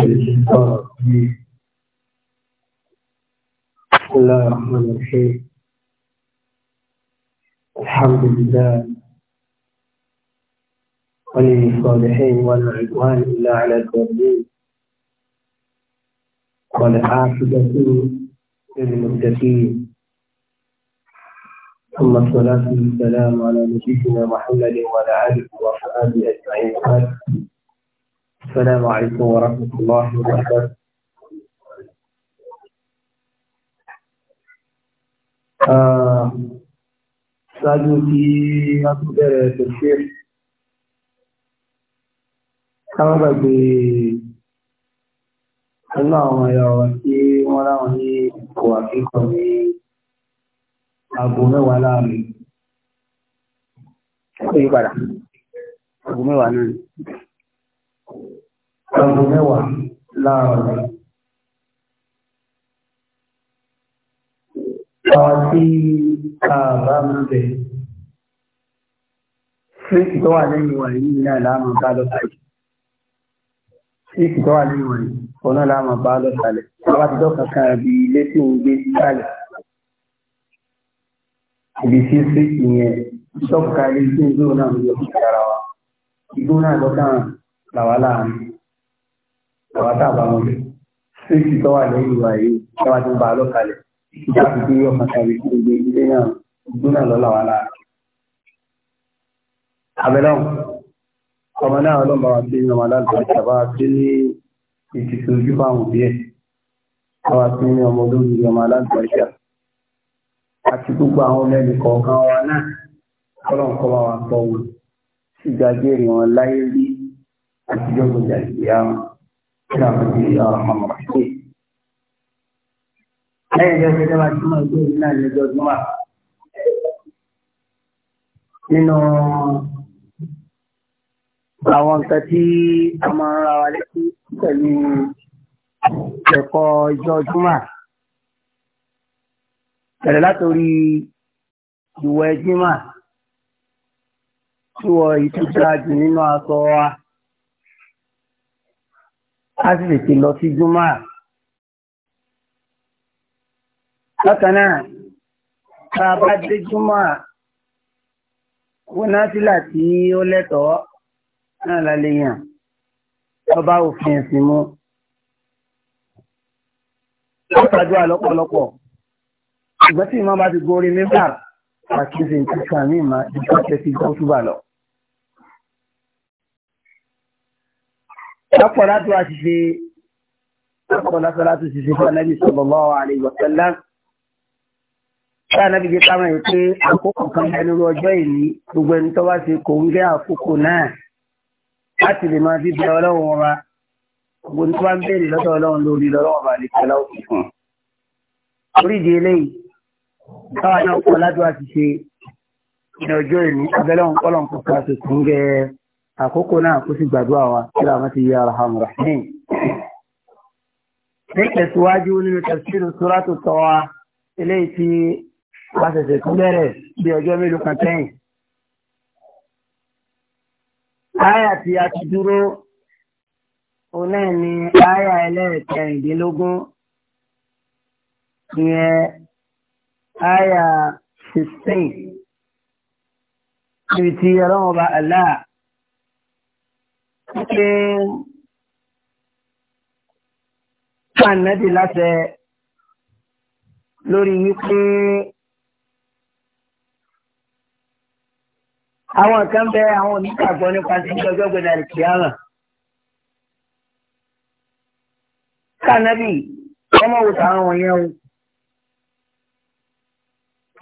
بسم الله الرحمن الرحيم الحمد لله وللصالحين ولا عدوان الا على ولا والعاقبة للمتقين ثم الصلاة والسلام على نبينا محمد وعلى آله وصحبه أجمعين السلام عليكم ورحمة الله وبركاته ṣáájú tí a tún bẹ̀rẹ̀ tẹ̀síẹ̀ ká má gbàgbé nínú àwọn ẹ̀yà ọ̀rọ̀ tí wọ́n láwọn ní ìkọ̀ àkíkọ̀ ní aago mẹ́wàá láàrin ó yí padà aago mẹ́wàá náà aago mẹ́wàá láàárọ̀. Àwọn tí a bá ń bẹ̀. Síìkì tó wà lẹ́yìn wà yìí náà láàmú bá lọ sàlẹ̀. Síìkì tó wà lẹ́yìn wà yìí òun náà láàmú bá lọ sàlẹ̀. Bàbá ti dọ́kàn àbí ilé tí òun gbé sàlẹ̀. Ibi tí síìkì yẹn dọ́kàn ilé tí òun náà ń lọ sí ara wa. Ìgbóná àgbọ̀tàn làwà láàrin làwà tábà wọn bẹ síkì tó wà lẹ́yìn ìwà yìí táwa ti ń ba lọ́kàlẹ̀ ìjà àfikún yóò kàn tàbí kí gbogbo ilé náà gbóná lọ làwà láàrin. àbẹ̀lọ́hùn ọmọ náà ọlọ́mọ wa sí ọmọ aláàbò àbá sí ní ìtìtì ojú fáwọn òbí ẹ̀ àwa sí ní ọmọ olómi ọmọ aláàbò àṣà àti gbogbo àwọn ọmọ kọ̀ọ̀kan wa náà ọlọ́run kọ́ bá wa tọ́ wọn sì gbàgbé wọn láyé rí اليوم القيامة yang يا أرحم الراحمين أي جزء كما تسمى يقول لنا لجوز ما nínú àwọn nǹkan tí a máa ń ra wa létí pẹ̀lú ẹ̀kọ́ ìjọ júmọ̀ bẹ̀rẹ̀ látòrí ìwẹ̀ júmọ̀ tí wọ́n ìtújáde nínú a sì tètè lọ sí júmọ́ à. bákan náà tá a bá dé júmọ́ à wọn náà sí láti ó lẹ́tọ̀ọ́ náà lálẹ́ yàn ọba òfin ẹ̀sìn mu. ó ṣàdúrà lọ́pọ̀lọpọ̀ ṣùgbọ́n tí ìmọ̀ bá ti gorí mímbà àti ìṣèǹtì sàmì ìmọ̀ ìṣèǹtì tó túbà lọ. lápọ̀látò àṣìṣe lápọ̀látò láti ṣiṣẹ́ fún anábì sallallahu alaihi wa sallam ṣé anábì jẹ́ ká máa pé àkókò kan ẹnu ọjọ́ ìní gbogbo ẹni tó bá ṣe kò ń gẹ́ àkókò náà láti lè máa fi bẹ ọlọ́run ọba gbogbo ní tó bá ń béèrè lọ́dọ̀ ọlọ́run lórí lọ́rọ̀ ọba lè tẹ̀lé òfin àkókò náà kó sì gbàdúrà wa kí làwọn ti yẹ arahamu rahim. ní tẹ̀síwájú nínú tafsir suratu Taha eléyìí tí a ṣẹ̀ṣẹ̀ tún bẹ̀rẹ̀ bí ọjọ́ mélòó kan sẹ́yìn. Aya tí a ti dúró òun náà ẹlẹ́ẹ̀kẹrìndínlógún ìyẹn aya sixteen níbi tí ọlọ́run ọba Allah pé kànẹ́bì láṣẹ lórí wípé àwọn kan bẹ àwọn onígbàgbọ́ nípa ti gbẹgbẹ́ gbẹdà ìkìyàmà kànẹ́bì ọmọ wò táwọn wọ̀nyẹn o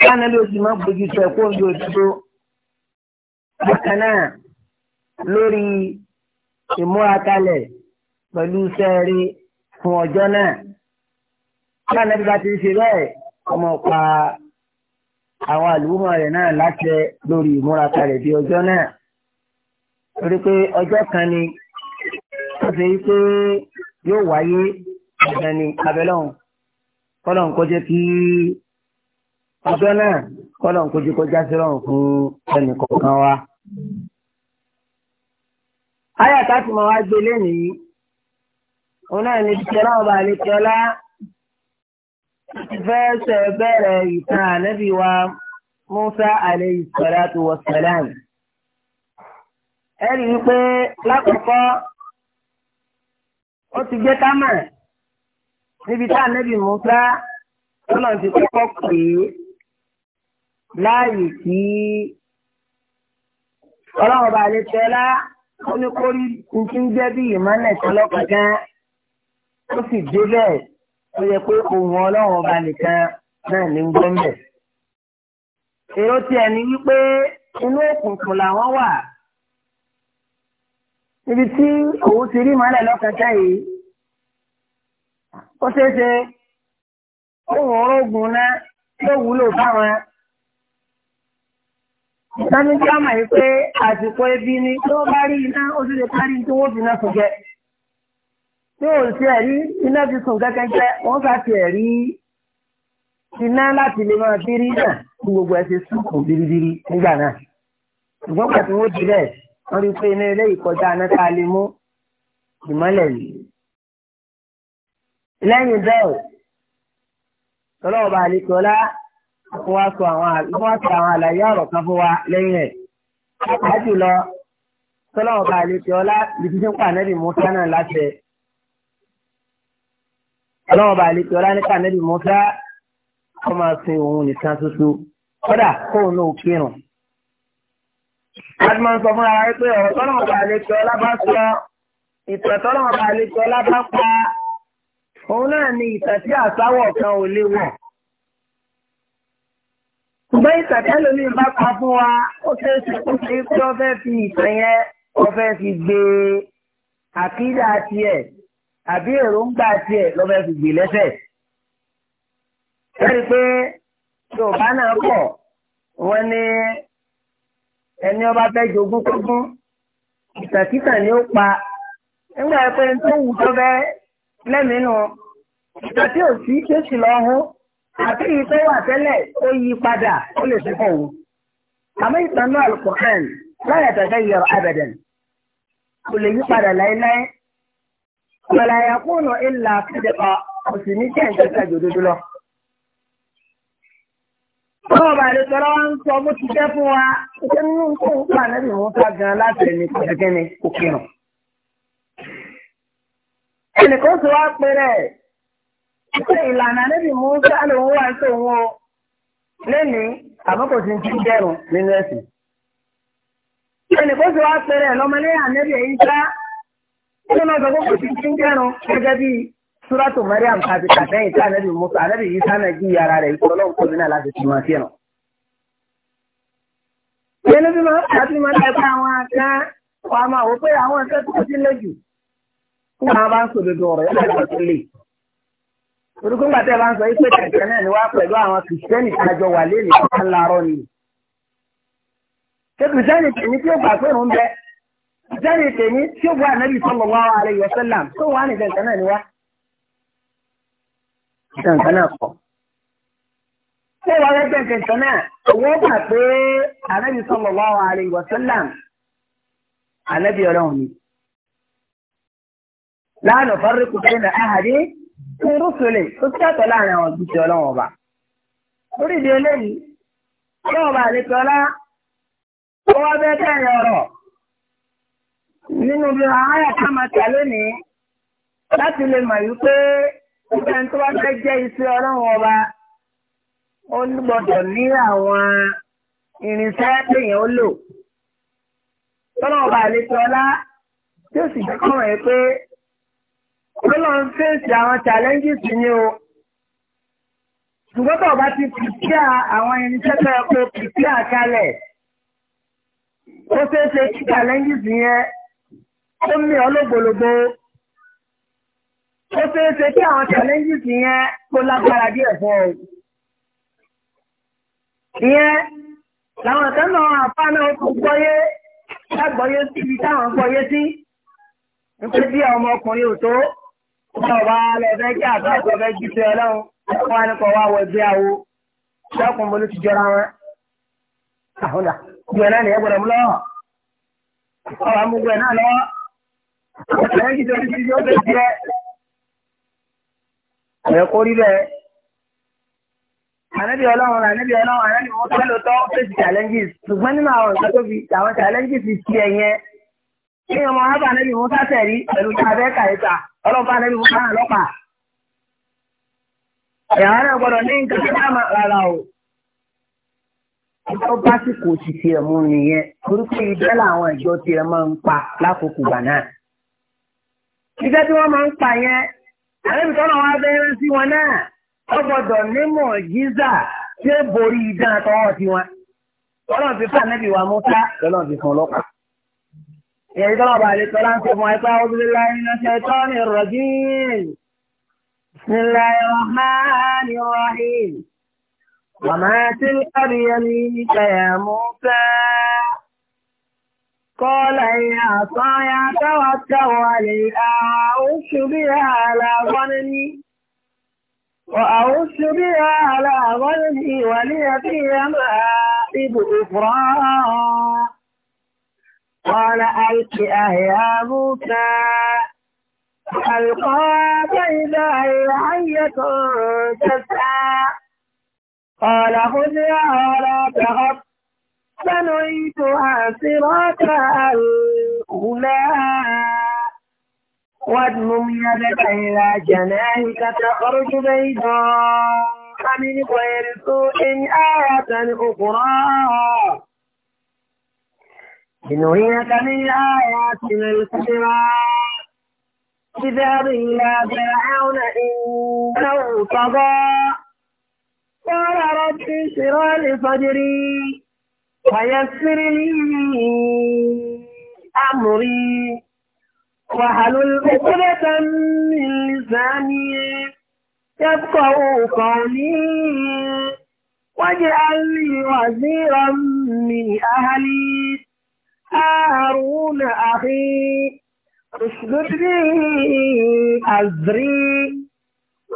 kànẹ́bì ó sì máa bójú tó ẹ̀kọ́ òǹdó òdodo bákan náà lórí ìmúrakalẹ̀ pẹ̀lú sẹ́ẹ̀rí fún ọjọ́ náà. Bá nàbí bá ti ṣe bẹ́ẹ̀, ọmọ pa àwọn àlùmọ̀ rẹ̀ náà láṣẹ lórí ìmúrakalẹ̀ bí ọjọ́ náà. Torí pé ọjọ́ kan ni ó ṣe pé yóò wáyé ọ̀sẹ̀ ni abẹ́lọ́hùn. Kọ́lọ̀n kó jẹ́ kí ọjọ́ náà kọ́lọ̀n kó jẹ́ kó jásírọ̀hùn fún ẹnì wa. Ayà táàtì máa wá gbé lẹ́nu yìí. Òun náà ní Bíkẹ́lá ọba Àlékẹ́lá fẹ́ẹ́sẹ̀ bẹ̀rẹ̀ ìtàn ànábì wa Musa alayhi salatu wa salam. Ẹ rí i pé lákòókò ó ti gbé kámà níbi tá ànábì Musa tọ́lọ̀ ti kọ́kọ́ pè é láàyè tí ọlọ́run ọba Àlékẹ́lá ó ní kó rí nkí ń jẹ́ bí ìmọ̀lẹ̀ tọ́lọ́pàá gan ó sì dé bẹ́ẹ̀ ó yẹ pé òun ọlọ́run ọba nìkan náà ní ń gbọ́n bẹ̀. èrò tiẹ̀ ni wípé inú òkùnkùn làwọn wà níbi tí òun ti rí ìmọ̀lẹ̀ lọ́kànjá yìí ó ṣeé ṣe òun orógun náà ló wúlò fáwọn. Ìtọ́ni tí a mọ̀ yìí pé àsìkò ebi ni tó bá rí iná ó sì lè kárí tí wọ́n fi iná sùn jẹ. Tí ò sí ẹ̀rí iná fi sùn kẹ́kẹ́ jẹ́, wọ́n bá ti ẹ̀rí iná láti lè máa fi rí náà kí gbogbo ẹ̀ ṣe sùn biribiri nígbà náà. Ṣùgbọ́n pàtó wọ́n ti rẹ̀ wọ́n rí i pé iná ilé ìkọjá aná tá lè mú ìmọ́lẹ̀ yìí. Lẹ́yìn bẹ́ẹ̀, tọ́lọ́wọ́ bá àlekọ́lá kó wá sọ àwọn àlàyé ọ̀rọ̀ kan fún wa lẹ́yìn ẹ̀. Pàápàá jùlọ tọ́lọ́wọ́ bá àlejò ọlá ibi tí ń pa ànẹ́bì Musa náà láṣẹ. Ọlọ́wọ́ bá àlejò ọlá nípa ànẹ́bì Musa kó máa sin òun nìkan ṣoṣo. Kódà kóun náà kírun. Adúmọ̀ sọ fún ara pé ọ̀rọ̀ tọ́lọ́wọ́ bá àlejò ọlá bá sọ ìtàn tọ́lọ́wọ́ bá àlejò ọlá bá pa. Òun náà ni ìtàn tí àsáwọ̀ kan ò léwọ̀ ṣùgbọ́n ìtàkì ẹlòmí bá pa fún wa ó ṣe é ṣe kó ṣe pé ó fẹ́ fi ìtàn yẹn ó fẹ́ fi gbé àkídà tiẹ̀ àbí èròǹgbà tiẹ̀ ló fẹ́ fi gbé lẹ́sẹ̀. ẹ̀rí pé yorùbá náà pọ̀ wọ́n ní ẹni ọba fẹ́ jogún kógún ìtàkìtà ni ó pa nígbà pé tó wù tó fẹ́ lẹ́mìí nù ìtàkì òsì tó sì àti èyí tó wà tẹ́lẹ̀ ó yí padà ó lè fi fún òun. àmọ́ ìtàn náà alukur'an láyà tẹ̀sẹ̀ yọrọ abẹ́dẹ̀n kò lè yí padà láéláé. wàlá yakunu illa sídẹ̀kọ kò sì ní jẹ́ ìjọba jòdodo lọ. báwo bá lè sọ̀rọ̀ wọn sọ bó ti jẹ́ fún wa ṣé nínú kó ń pa nẹ́bí wọn ká gan láti ẹni kọ̀ọ̀kẹ́ni kò ẹnì kan sọ wá pé rẹ̀. Ṣé ìlànà níbi mú sáàlù ń wá sí òun o? Lẹ́nìí, àbọ̀kò ti ń ti nínú ẹ̀sìn. Ẹnì kó sì wá pẹ̀rẹ̀ lọ́mọlẹ́yà níbi èyí sá. Ṣé náà sọ kókò ti ń dẹ̀rùn gẹ́gẹ́ bí Súrátù Mẹ́ríàm àti Kàtẹ́yìn tí ànábì Musa ànábì yìí sáná jí ara rẹ̀ ìṣòro kò ní náà láti fi wọn bí àwọn máa wò orúkọ ńgbà tẹ́ ẹ bá ń sọ yìí pé kẹ̀kẹ́ náà ni wá pẹ̀lú àwọn kìrìsìtẹ́nì kájọ wà lẹ́nu ìpínlẹ̀ ńláàrọ̀ ni. ṣé kìrìsìtẹ́nì tèmi tí ó gbà pé òun bẹ kìrìsìtẹ́nì tèmi tí ó gbà ànábì sallallahu alaihi wasallam tó wà ní kẹ̀kẹ́ náà ni wá. kẹ̀kẹ́ náà kọ̀. ṣé wàá fẹ́ kẹ̀kẹ́ náà wọ́n gbà pé ànábì sallallahu alaihi wasallam ànábì ọ̀rẹ́ òní. láàánú fárẹ́kù ní rúfèlè tó tí àtọ̀ láàrin àwọn òjíṣẹ́ ọlọ́wọ̀n ọba lórí ìdí eléyìí ọlọ́wọ̀n ọba àlejò ọlá ó wá bẹ́ẹ̀ kẹ́rin ọ̀rọ̀ nínú bí ààyè ká máa tà lónìí láti lè mọ̀ yí pé ìgbà tó wá fẹ́ jẹ́ iṣẹ́ ọlọ́run ọba ó gbọ́dọ̀ ní àwọn irinṣẹ́ téèyàn ó lò tọ́lọ́ ọba àlejò ọlá tí ó sì jẹ́ kọ́rọ̀ pé Ọlọ́ ń fèsì àwọn challenges ni o. Ṣùgbọ́n tó bá ti pìpíà àwọn irinṣẹ́ tó yẹ kó pìpíà kalẹ̀. Ó fèsì kí challenges yẹn ó mì ọ́ lógbòlógbò. Ó fèsì kí àwọn challenges yẹn kó lágbára díẹ̀ fún ọ. Ìyẹn làwọn kan náà àfa náà kò gbọ́yé lágbọ́yé síbi táwọn gbọ́yé sí. Nípa bí ọmọkùnrin ò tó ọba lẹ́fẹ́ kí àtàkùn ọbẹ̀ jí ti ọlọ́run ọkọ̀ wa ní kọ̀ wá wọ ẹgbẹ́ àwo ṣẹ́kùn mo ló ti jọra wọn. àhùnà ìgbẹ́ náà nìyẹn gbọ́dọ̀ mú lọ́wọ́ ọba mú gbẹ́ náà lọ́wọ́ ọ̀sẹ̀ jí ti orí ti ó bẹ̀rẹ̀ jẹ́ ẹ̀ kó rí bẹ́ẹ̀. ànábì ọlọ́run ànábì ọlọ́run ànábì wọn fẹ́ lóòótọ́ fèsì challenges ṣùgbọ́n nínú àwọn nǹkan tó fi àwọn challenges ti ẹ̀ yẹn kí ọmọ ábà ànábì wọn sá ọlọ́pàá lẹ́nu wọn náà lọ́pàá. ìyàwó náà gbọ́dọ̀ ní nǹkan tí wọ́n rárá o. ọjọ́ bá sì kò sì tiẹ̀ mú nìyẹn torí pé ibẹ̀ làwọn ìjọ tiẹ̀ máa ń pa lákòókò gbà náà. iṣẹ́ tí wọ́n máa ń pa yẹn àlejò tọ́nà wa bẹ́ẹ̀rẹ̀ sí wọn náà wọ́n gbọ́dọ̀ nímọ̀ jíza tí ó borí idán tọwọ́ tiwọn. ọlọ́run ti fún ànábì wa mú ká lọ́lọ́run ti fún ọlọ́pàá. يضرب عليك السلام كيف أعوذ بالله من الشيطان الرجيم بسم الله الرحمن الرحيم وما تلك بيمينك يا موسى قال يا عصاي توكل عليها وأعوش بها على غنمي وأعوش بها على غنمي ولي فيها مآرب أخرى قال ألقها يا موسى ألقى فإذا هي حية تسعى قال خذها ولا تخف سنعيدها صراطها الأولى واضمم يدك إلى جناحك تخرج بيضاء من غير سوء آية أخرى لنريك من آياتنا الكبرى اذهب إلى فرعون إنه طغى قال رب اشرح لي صدري ويسر لي أمري وهل عقدة من لساني يفقه قولي واجعل لي وزيرا من أهلي هارون أخي اشدد به أزري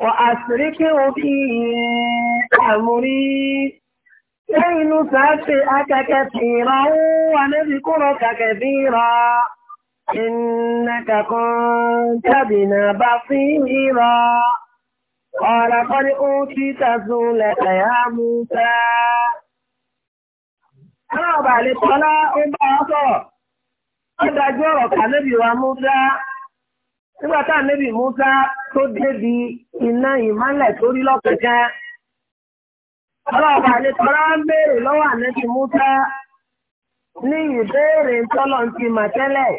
وأشركه في أمري كي نسبحك كثيرا ونذكرك كثيرا إنك كنت بنا بصيرا قال قد أوتيت سؤلك يا موسى aláàbà Tọ́lá ó bá wọn sọ̀rọ̀ ó dájú ọ̀rọ̀ kà níbi wa Musa nígbà tá a níbi Musa tó débi iná ìmọ́lẹ̀ tó rí lọ́kẹ̀kẹ́ aláàbà Tọ́lá ń béèrè lọ́wọ́ ànẹ́bí Musa ní ìbéèrè tọ́lọ̀ ti mà tẹ́lẹ̀.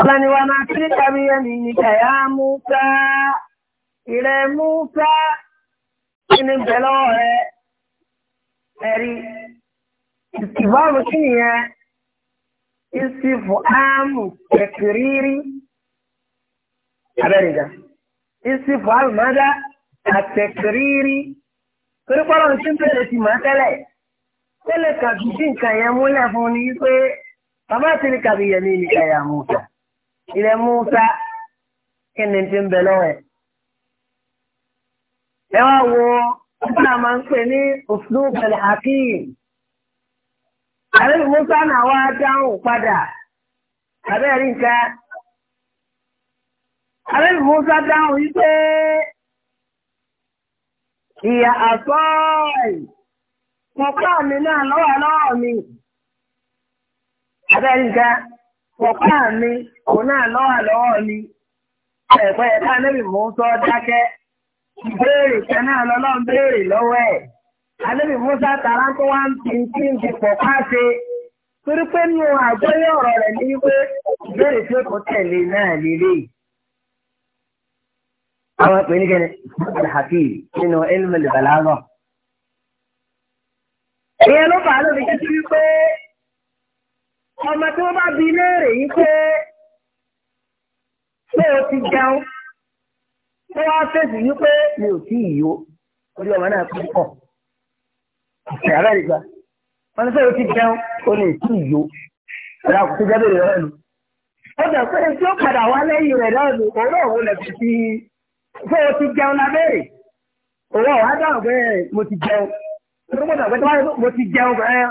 Ọlọ́niwa máa kí ní kàmíyàn ní ìkàyà Musa, ìrẹ̀ Musa, kí ni lọ́wọ́ rẹ. ẹ̀rí ìsìbáàmù kí nìyẹn ìsìfù áàmù tẹ̀kìrìrì abẹ́rẹ́dà ìsìfù áàmù mọ́dá àtẹ̀kìrìrì torí pọ́lọ́ ní tíńtẹ̀lẹ̀ ti mọ̀ tẹ́lẹ̀ ó lè kàbí sí nǹkan yẹn múlẹ̀ fún ni pé bàbá wo. Wọ́n náà máa ń pè ní uslub al-hakim. Àrẹ́bí Musa náà wá dáhùn padà. Àbẹ́rẹ́ nǹkan. Àrẹ́bí Musa dáhùn yí pé ìyà àsọ́ọ̀ì. Pọ̀pá mi náà lọ́wọ́ lọ́wọ́ mi. Àbẹ́rẹ́ nǹkan. Pọ̀pá mi òun náà lọ́wọ́ lọ́wọ́ mi. Ẹ̀pẹ́ ẹ̀ká níbi mò dákẹ́ ìbéèrè kanáà lọ́lọ́run béèrè lọ́wọ́ ẹ̀. Alẹ́bí Musa tààrà tó wá ń pin tí ń ti pọ̀ káṣe. Torí pé nínú àgbọ́yé ọ̀rọ̀ rẹ̀ ní wípé ìbéèrè tí ó kọ tẹ̀lé náà lélẹ̀. Àwọn pè ní kẹ́ni Alhafi nínú Elmel Balaga. Ìyẹn ló fàá lóbi títí wípé ọmọ tí wọ́n bá bi léèrè yìí pé ṣé o ti jẹun? ó wá fèsì wípé mi ò tí ì yó orí ọmọ náà pín kàn ìṣẹ̀ ààrẹ wọn fẹ́ o ti jẹun o lè tí ì yó ẹ̀rọ àkùtì jábèrè rẹ̀ nù. ó jẹ́ pé tí ó padà wá lẹ́yìn rẹ̀ náà nù òun náà wò lẹ̀ fi fi fẹ́ o ti jẹun lábẹ́rẹ̀ òun ọ̀hún á dáhùn mo ti jẹun tó gbọ́dọ̀ pé tó wáyé mo ti jẹun ẹ̀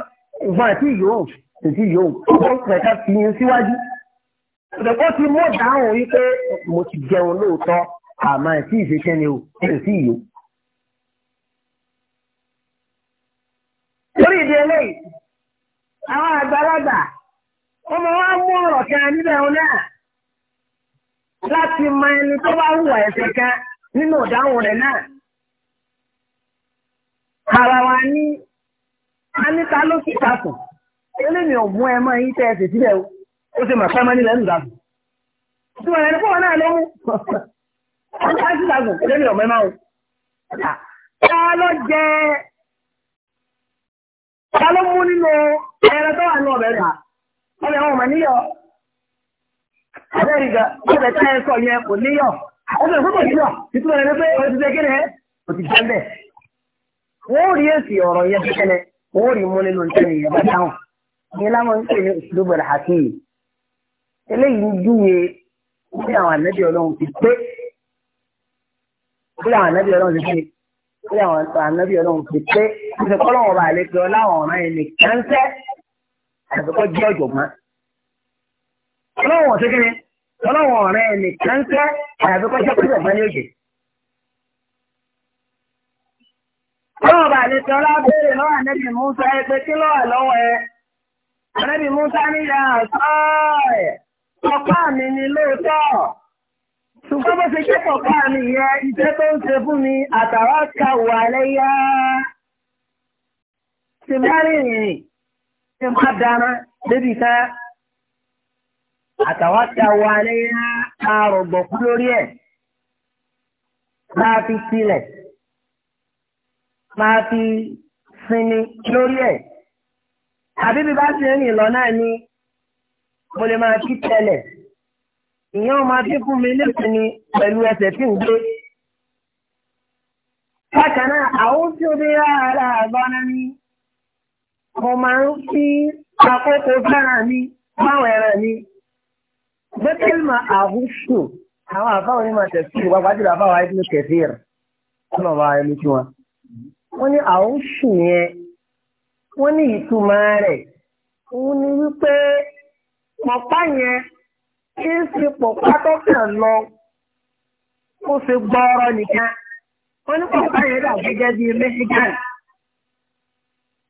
ìfọ̀n àti ìyóò èyí yóò ó pẹ̀ka fi yín síwájú. Ìdẹ̀kọ́ ti mú dáhùn wípé mo ti jẹun lóòótọ́ àmọ́ ẹ̀ tí ìṣe kẹ́ni o ẹ̀ sí lórí ìdí eléyìí àwọn àgbàlagbà ọmọ wa mú ọ̀rọ̀ kan níbẹ̀ wọn náà láti mọ ẹni tó bá hùwà ẹ̀ṣẹ̀ kan nínú ìdáhùn rẹ̀ náà. ara wa ní aníta ló sì takùn eléyìí ọ̀gbun ẹ̀ máa ń o ó sì pẹ́ mọ́ nílẹ̀ ń ẹni fún wọ́n ní ájú làgùn lórí ọ̀mọ́ ẹ̀máwó. Ta ló jẹ ta ló mú nínú ẹran tó wà ní ọbẹ̀ rà ọbẹ̀ wọn mà níyọ̀. Abẹ́rẹ́ ìgbà ọbẹ̀ tá ẹ sọ yẹn kò níyọ̀. Ọbẹ̀ kò níyọ̀ títúmọ̀ rẹ̀ pé o ti jẹ kíni ẹ̀ o ti jẹ́ bẹ́ẹ̀. Wọ́n rí èsì ọ̀rọ̀ yẹn kẹ́kẹ́lẹ́ wọ́n rí mú nínú ìtẹ́ni ìyẹn bá dáhùn. Ìyẹn láwọn bí àwọn ànábì ọlọ́run ti fi bí àwọn ànábì ọlọ́run ti pé ṣe kọ́ lọ́wọ́ bá àlejò láwọn ọ̀ràn yẹn ní kánṣẹ́ àtúkọ́ jẹ́ ọ̀jọ̀gbọ́n. ọlọ́run ọ̀sẹ̀ kí ni ọlọ́run ọ̀ràn yẹn ní kánṣẹ́ àtúkọ́ jẹ́ ọ̀jọ̀gbọ́n ní òjè. lọ́wọ́ bá àlejò ọlọ́bẹ̀rẹ̀ lọ́wọ́ ànábì Musa ẹ pé kí lọ́wọ́ lọ́wọ́ ẹ ànábì Musa níyà sọ́ọ̀ ọ̀pá mi ni lóòótọ́ Ṣùgbọ́n bó ṣe jẹ́ pọ̀pá mi yẹn, iṣẹ́ tó ń ṣe fún mi, àtàwà ka wà lẹ́yà. Ṣé máa rìn rìn? Ṣé bá ṣe rìn lọ náà ni mo lè máa kí tẹ́lẹ̀ ìyẹn ọmọ adínkù mi lẹ́sìn ni pẹ̀lú ẹsẹ̀ tí ń gbé. Bákan náà, àwọn tí ó dé rárá àgbọ́nà ni mo máa ń fi àkókò fẹ́ràn mi báwọn ẹ̀rẹ̀ mi. Gbẹ́kẹ̀lìmọ̀ àhúṣù àwọn àfáwọn onímọ̀ tẹ̀sí ìwà pàjùlọ àfáwọn àìsàn kẹfì rẹ̀ ọ̀nà ọba ẹni tí wọn. Wọ́n ní àhúṣù yẹn, wọ́n ní ìtumọ̀ rẹ̀, òun ni wípé pọ̀pá yẹn kí n ṣe pọ̀ pátọ́kà lọ kó ṣe gbọ́ọ̀rọ̀ nìkan wọ́n ní pọ̀pá yẹn dà gẹ́gẹ́ bí Mexican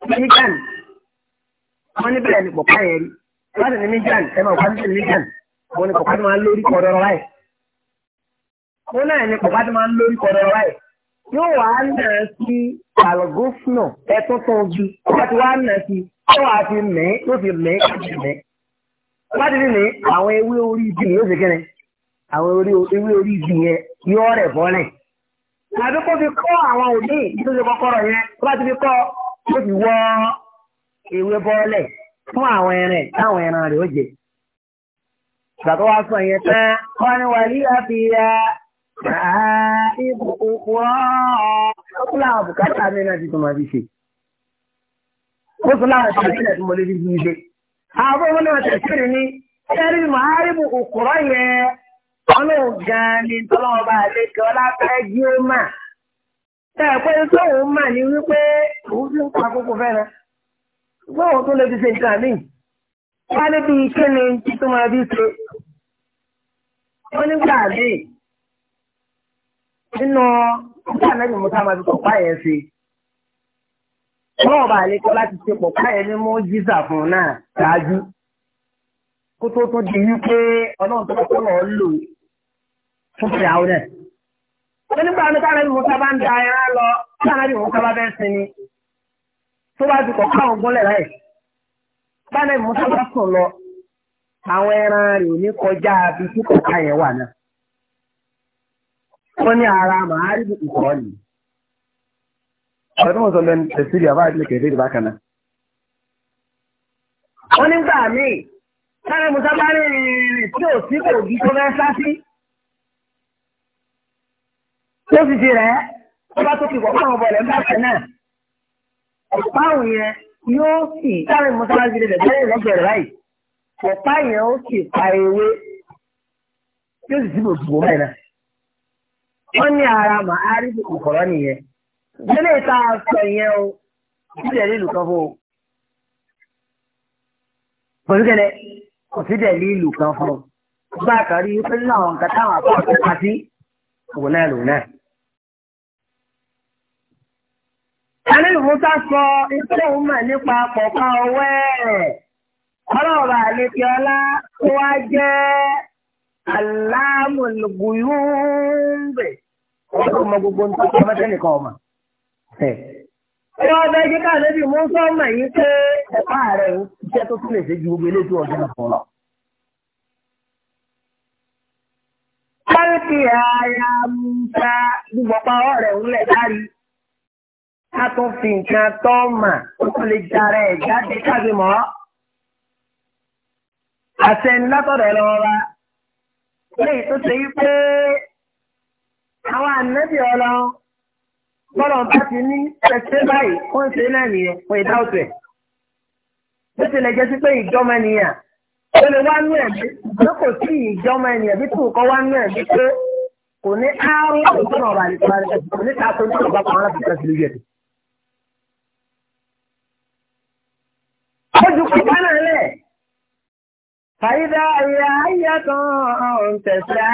Mexican wọ́n ní bẹ́ẹ̀ ni pọ̀pá yẹn rí láti ní Mexican ẹ̀ máa pàṣẹ Mexican wọ́n ní pọ̀pá tó máa ń lórí kọ̀ ọ̀dọ́rọ̀ báyìí wọ́n náà ní pọ̀pá tó máa ń lórí kọ̀ ọ̀dọ́rọ̀ báyìí yóò wá nà sí àlọ́gọ́fúnà ẹ̀ tuntun ju pọ̀pá tó wá nà sí yóò wá fi mẹ́ yóò fi mẹ́ káàkiri mẹ́. Bádìrí ni àwọn ewé orí ibi yóò ṣe kẹ́rin. Àwọn ewé orí ibi yẹn yóò rẹ̀ bọ́lẹ̀. Tàbí kó fi kọ́ àwọn òní tó ṣe kọ́kọ́rọ̀ yẹn. Tó bá ti fi kọ́, ó fi wọ́ ewé bọ́lẹ̀ fún àwọn ẹran táwọn ẹran rẹ̀ ó jẹ. Ìgbà tó wá sọ yẹn tán, wọ́n ní wàlí àfihàn máa ibùkún wọ́ ọ́ àbùkátà mi náà ti tó máa fi ṣe. Ó sọ láwọn ìṣẹ̀lẹ̀ tí mo lè fi ṣe àwọn ọmọ náà tẹ̀síìrì ni ẹ̀rí màárìbù òkúrọ̀ yẹn ọlọ́run gan ni tọ́lọ́wọ́ bá àlejò ọlápẹ́ jí ó mà ẹ̀ pé tóun mà ní wípé òun ti ń pa kókó fẹ́ràn gbọ́n òun tó lè fi ṣe nǹkan míì wá níbi iṣẹ́ ni tí tó máa bí ṣe wọ́n nígbà míì nínú ọgbà náà ni mo ta máa fi kọ̀ọ̀pá yẹn ṣe ọlọ́run bá lè kọ́ láti ṣe pọ̀ káyẹ̀ ní mú jísà fún un náà ṣáájú kó tó tó di wípé ọlọ́run tó kọ́ lọ́ọ́ lò fún ti àwọn ẹ̀. ó nígbà wọn káàdì musa bá ń da ẹran lọ káàdì musa bá fẹ́ sinmi tó bá ti kọ̀ káwọn gúnlẹ̀ láì káàdì musa bá sùn lọ àwọn ẹran rẹ̀ ò ní kọjá bí kíkọ̀ káyẹ̀ wà náà. ó ní ara màá rí ìkọ́ nìyí ọ̀rẹ́ tó wọ́n sọ lẹ́nu tẹ̀síìrì àbá àti lẹ́kẹ̀ẹ́ ìdíje bákan náà. wọ́n nígbà míì sáré musa bá rí rìnrìn tí ò sí kò jí tó fẹ́ sá sí. tó sì ti rẹ̀ ó bá tó kìkọ̀ fún àwọn ọ̀bọ̀lẹ̀ ń bákan náà. ọ̀pá òun yẹn yóò sì sáré musa bá rí rẹ̀ bẹ́ẹ̀ lọ́gbẹ̀rẹ̀ báyìí ọ̀pá yẹn ó sì pa ewé yóò sì sí bòtùbò báyìí náà. wọ́n ní ara màá rí kòkòrò nìyẹn. Délé ta àfẹ́ yẹn o, ìdílé lílù kan fún o. Pẹ̀lúkẹ́lẹ́, kò sí dẹ̀ lílù kan fún o. Gbá àkàrí pé nínú àwọn nǹkan táwọn àpá àti pàtí, òun náà lòun náà. Kálílù Musa sọ iṣẹ́ òun mọ̀ nípa pọ̀pá ọwọ́ ẹ̀. Ọlọ́ọ̀bà àlejò ọlá tó wá jẹ́ aláàmùlùgbùyúùmbè. Ọlọ́ọ̀mọ gbogbo ń tọ́jú ọmọ tẹ́nìkan ọmọ. Ẹ̀yọ́ ọ̀dọ́ igi ká lẹ́bi mú sọ́mà yìí pé ẹ̀pá rẹ̀ ń jẹ́ tó tún lè ṣe ju gbogbo eléjú ọ̀dọ́ nìkan lọ. Káríkì ara Musa gbígbọ́pá ọwọ́ rẹ̀ ń lẹ̀ dárí. Ká tún fi nǹkan tọ́mà ó tún lè jara jáde kábí mọ́. Àṣẹ ni látọ̀dọ̀ ẹ̀ wa. Léyìí tó ṣe pé àwọn ànábì ọlọ́run bọ́lá ọba ti ní ẹsẹ̀ báyìí ó ń ṣe náà nìyẹn fún ìdá ọ̀tẹ̀. bó tilẹ̀ jẹ́ sí pé ìjọ́mọ nìyẹn ó lè wá nú ẹ̀bí ló kò sí ìjọ́mọ nìyẹn bí tòun kọ́ wá nú ẹ̀bí pé kò ní àárọ̀ òṣùnà ọ̀bà kò ní ta tó ní ọ̀bà kan láti fẹ́ fi lóye. ó ju kọ́kọ́ náà lẹ̀. fàyídà ìyá ayé kan tẹ̀síá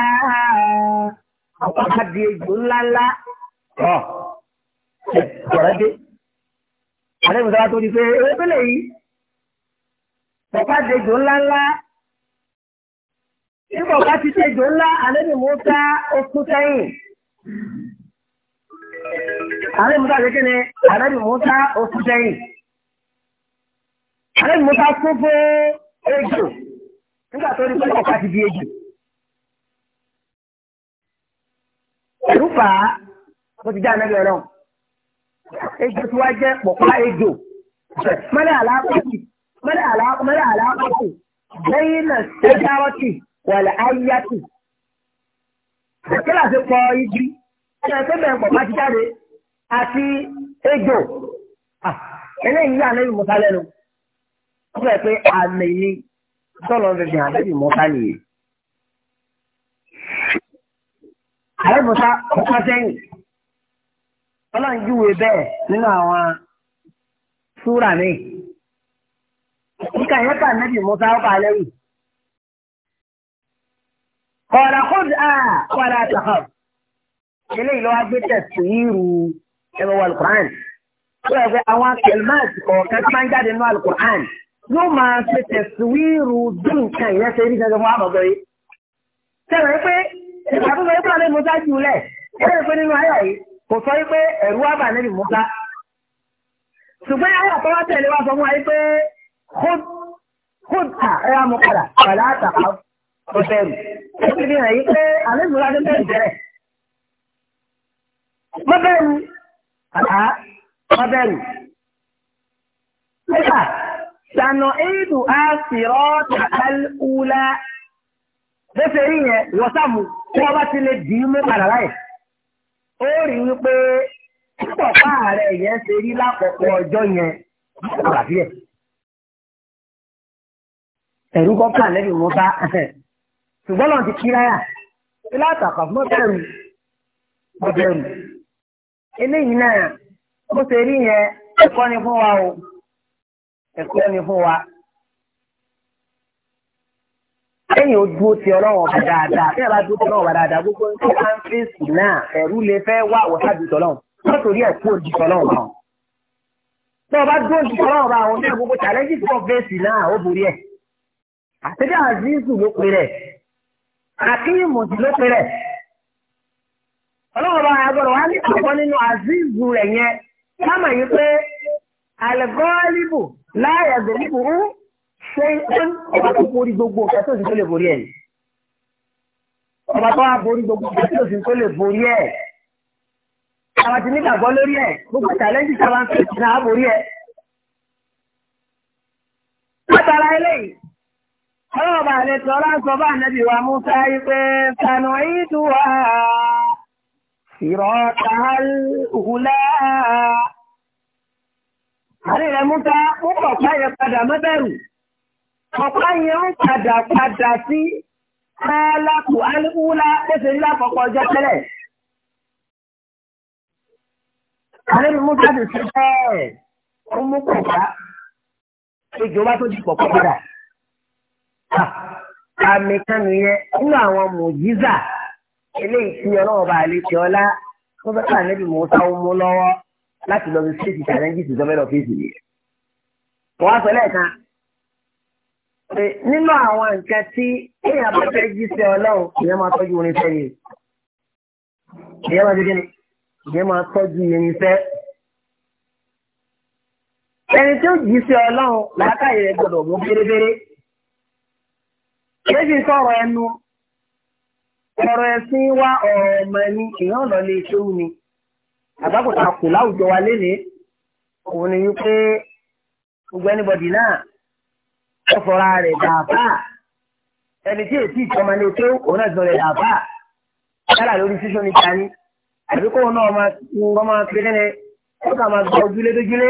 ọ̀pá di egbò ńláńlá ọ̀rẹ́ dé. Àlẹ́bùsọ wa tó di pé ewé pélé yìí. Bàbá dejò ńláńlá. Nígbà bá ti dejò ńlá, àlẹ́bì mú ká okú sẹ́yìn. Àlẹ́bì mú ká ṣe kí ni? Àlẹ́bì mú ká okú sẹ́yìn. Àlẹ́bì mú ká kú fún ejò. Nígbà tó di pé bàbá ti di ejò. Ẹ̀rú fà á, mo ti dá ànágbẹ̀rẹ̀ ejò tí wàá jẹ́ pọ̀pá ejò mọ́lẹ̀ àlàáfíì mọ́lẹ̀ àlàáfíì lẹ́yìn náà ṣẹ́jáwọ́tì wọ̀lẹ̀ ayíyátì. kíláàsì pọ igi ẹ̀rọ tó bẹ̀rẹ̀ pọ̀pá ti jáde àti ejò eléyìí yà lẹ́yìn mọ́tà lẹ́nu wọ́n fẹ́ pé àmì ni sọ́lọ́ bẹ̀rẹ̀ bẹ̀rẹ̀ àlẹ́yìn mọ́tà nìyẹn. àlẹ́ mọ́tà ọ̀pá sẹ́yìn ọlọ́run júwe bẹ́ẹ̀ nínú àwọn súrà mi. Níka yẹn kà nẹ́bí Musa ọkọ̀ alẹ́ yìí. Kọ̀ọ̀dà kóòdù á kọ̀ọ̀dà àtàkọ̀. Eléyìí lọ́wọ́ gbé tẹ̀sí irú ẹ̀rọ Al-Qur'an. Ó yẹ pé àwọn kẹlmáàt kọ̀ọ̀kan tí máa jáde nínú Al-Qur'an yóò máa ṣe tẹ̀sí irú bí nǹkan ìyẹn ṣe rí gẹ́gẹ́ fún àmọ́gbọ́ yìí. Ṣé ìwé pé ìgbà tó sọ pé àlẹ́ Musa jù lẹ̀? Ṣé ìwé pé nínú ayọ̀ yìí? kò sọ wípé ẹ̀rú wà bà níbi Musa ṣùgbọ́n àwọn àkọ́wá tẹ̀lé wa sọ fún wa wípé kóòtà ẹ̀ á mú padà padà àtàkà kò bẹ̀rù ó ti fi hàn yí pé àlẹ́ ìmúra ló bẹ̀rù tẹ́lẹ̀ mọ bẹ̀rù àtà mọ bẹ̀rù. Nígbà sànà éèdù á sì rọ́ tàkàlùlá yẹn wọ́sàmù tí wọ́n bá ti lè dì í mú padà láyè. ó rí wípé púpọ̀ fáàrẹ yẹn ṣe rí lákọ̀ọ́kọ́ ọjọ́ yẹn àbí ẹ̀. ẹ̀rú kọ́kọ́ àlẹ́bí wọn bá ṣùgbọ́n náà ti kíráyà látàkà fún ọ̀bẹ̀rù ọ̀bẹ̀rù eléyìí náà bó ṣe rí yẹn ẹ̀kọ́ ni fún wa o ẹ̀kọ́ ni fún wa. lẹ́yìn ojú ti ọlọ́wọ̀n ọba dáadáa bí ẹ̀rọ ti ọlọ́wọ̀n ọba dáadáa gbogbo ní kí ánfẹ́sì náà ẹ̀rú lè fẹ́ wá wọ́sájú tọ́lọ́wọ̀n wọ́n torí ẹ̀ kú òjì tọ́lọ́wọ̀n kan. tí ọba dúró òjì tọ́lọ́wọ̀n bá àwọn ọ̀nà gbogbo challenges fún ọ̀fẹ́sì náà ó borí ẹ̀. àtẹ́bí àzízù ló pe rẹ̀ àkíyìmù sì ló pe rẹ̀. ọlọ́wọ̀n bá agbọ̀rọ̀ wá ní àkọ́kọ́ nínú àzízù rẹ̀ ṣé ọba tó borí gbogbo nǹkan tó sì tó lè borí ẹ̀ ọba tó wá borí gbogbo nǹkan tó sì tó lè borí ẹ̀ àwọn ti nígbàgbọ́ lórí ẹ̀ gbogbo challenge tí a bá ń fi ìtìlá borí ẹ̀. látara eléyìí ọlọ́run bá lè tọ́ láǹsọ bá ànábì wa Musa yìí pé sànù yìí tù wá ìrọ̀ta òhùlá. àlè rẹ̀ Musa ó kọ̀ páyẹ padà mọ́bẹ̀rù ọ̀pá yẹn ń padà padà sí alákù alúkúlá pèsè ńlá kọ̀ọ̀kan ọjọ́ tẹ́lẹ̀. Àlejò mú jáde sí bẹ́ẹ̀, ó mú kọ̀ọ̀ká, ejò bá tó di pọ̀pọ̀ padà. Àmì kan nìyẹn nínú àwọn mùjíza eléyìí tí ọlọ́wọ́ bá lè ṣe ọlá tó fẹ́ kà níbi mò ń sáwó mú lọ́wọ́ láti lọ sí ṣéèkì challenges ìjọba ẹ̀rọ fèsì yìí. Wọ́n á sọ lẹ́ẹ̀kan nínú àwọn nǹkan tí èèyàn bá fẹ́ jíṣẹ́ ọlọ́run ìyẹn máa tọ́jú irinṣẹ́ ni ìyẹn máa dídí ni ìyẹn máa tọ́jú irinṣẹ́. ẹni tí ó jíṣẹ́ ọlọ́run làákàyè rẹ̀ gbọ́dọ̀ mú bérebére. méjì sọ̀rọ̀ ẹnu ọ̀rọ̀ ẹ̀sìn wá ọ̀rọ̀ ọmọ ẹni èèyàn lọ lè ṣéwù ni àbákòtà kù láwùjọ wa lénìí òun ni wípé gbogbo ẹnibọdì náà ẹ̀fọ́ra rẹ̀ dàbà ẹni tí èsì ìtọ́mọ ní oṣù òun náà sọ rẹ̀ dàbà yálà lórí ṣíṣọ́ ní tani àbí kóun náà máa wọ́n máa fi kẹ́ni ó kà máa gba ojúlé dójúlé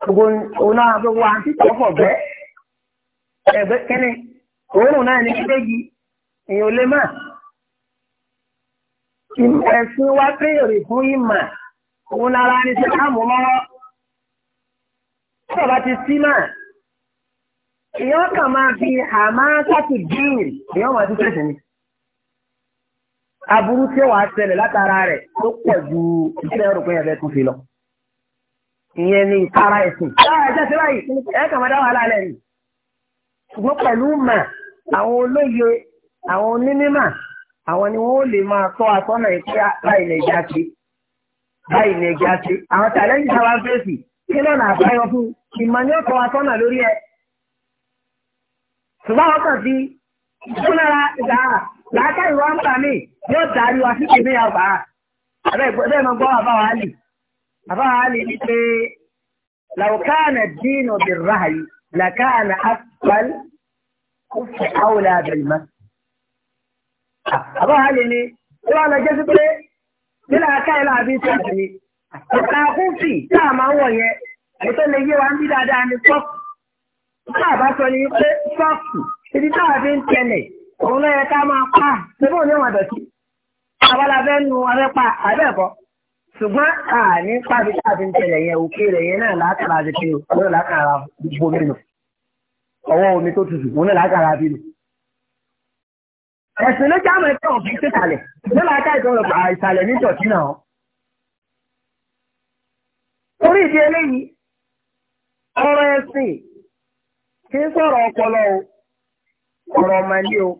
gbogbo òun náà gbogbo àǹtí tọ́fọ̀ bẹ́ ẹ̀gbẹ́ kẹ́ni òórùn náà ní kéjì èèyàn lè má ẹ̀sìn wá pé èrè fún ìmà òun lára ní sẹ́káàmù mọ́wọ́ tí ọba ti sí náà èèyàn kàn máa fi àmá sátì dín èèyàn máa fi tẹ̀sán ni aburú tí wàá ṣẹlẹ̀ látara rẹ̀ tó pọ̀ ju ìṣẹ̀lẹ̀ ọ̀rọ̀ pé ẹ̀fẹ́ tún fi lọ ìyẹn ni ìtara ẹ̀sìn lára ẹ̀jẹ̀ sí báyìí ẹ̀ kàn máa dá wàhálà lẹ̀ ni ṣùgbọ́n pẹ̀lú mà àwọn olóye àwọn onímọ̀ àwọn ni wọ́n lè máa tọ́ asọ́nà ìpín báyìí ní ẹja ṣe báyìí ní ẹja ṣe àwọn tàlẹ́ǹtì táwọn ìmọ̀ ni ó tọ́ wa sọ́nà lórí ẹ̀. ṣùgbọ́n wọ́n kàn sí ìfúnnára ìgbà làákà ìwà ń bà mí yóò darí wa sí ìdílé àbá. bẹ́ẹ̀ mo gbọ́ bàbá wa lì bàbá wa lì ní pé làwùkánà dínú bí ráàyè làkánà àfàl kúfù àwòlà àbẹ̀lìmọ́. bàbá wa lì ní ó wà lọ sí pé nílà àkàyè láàbí sọ́ọ̀tì ni ọ̀tà kúfì tá a máa ń wọ̀ Àìsọ́ lè yé wa ń bí dáadáa ní sọ́ọ̀kù. Tá a bá sọ ní pé sọ́ọ̀kù ibi tá a fi ń tẹlẹ̀ òun ló yẹ ká máa pa síbò ní wọn dọ̀tí. Abala fẹ́ nu abẹ́ pa àbẹ́ẹ̀kọ́. Ṣùgbọ́n àní pàbí tá a fi ń tẹlẹ̀ yẹn òkè rẹ̀ yẹn náà látara ti fi òun látara bomi nù. Ọwọ́ omi tó tutù òun náà látara bí nù. Ẹ̀sìn ló jáàmù ẹ̀kọ́ òfin sísàlẹ̀. Nílá ká ìtọ́rọ̀ ìsàlẹ̀ ní ìtọ̀tí náà. Orí ìdí eléyìí, ọ̀rọ̀ ẹ̀sìn kì í sọ̀rọ̀ ọpọlọ o ọ̀rọ̀ ọmọdé o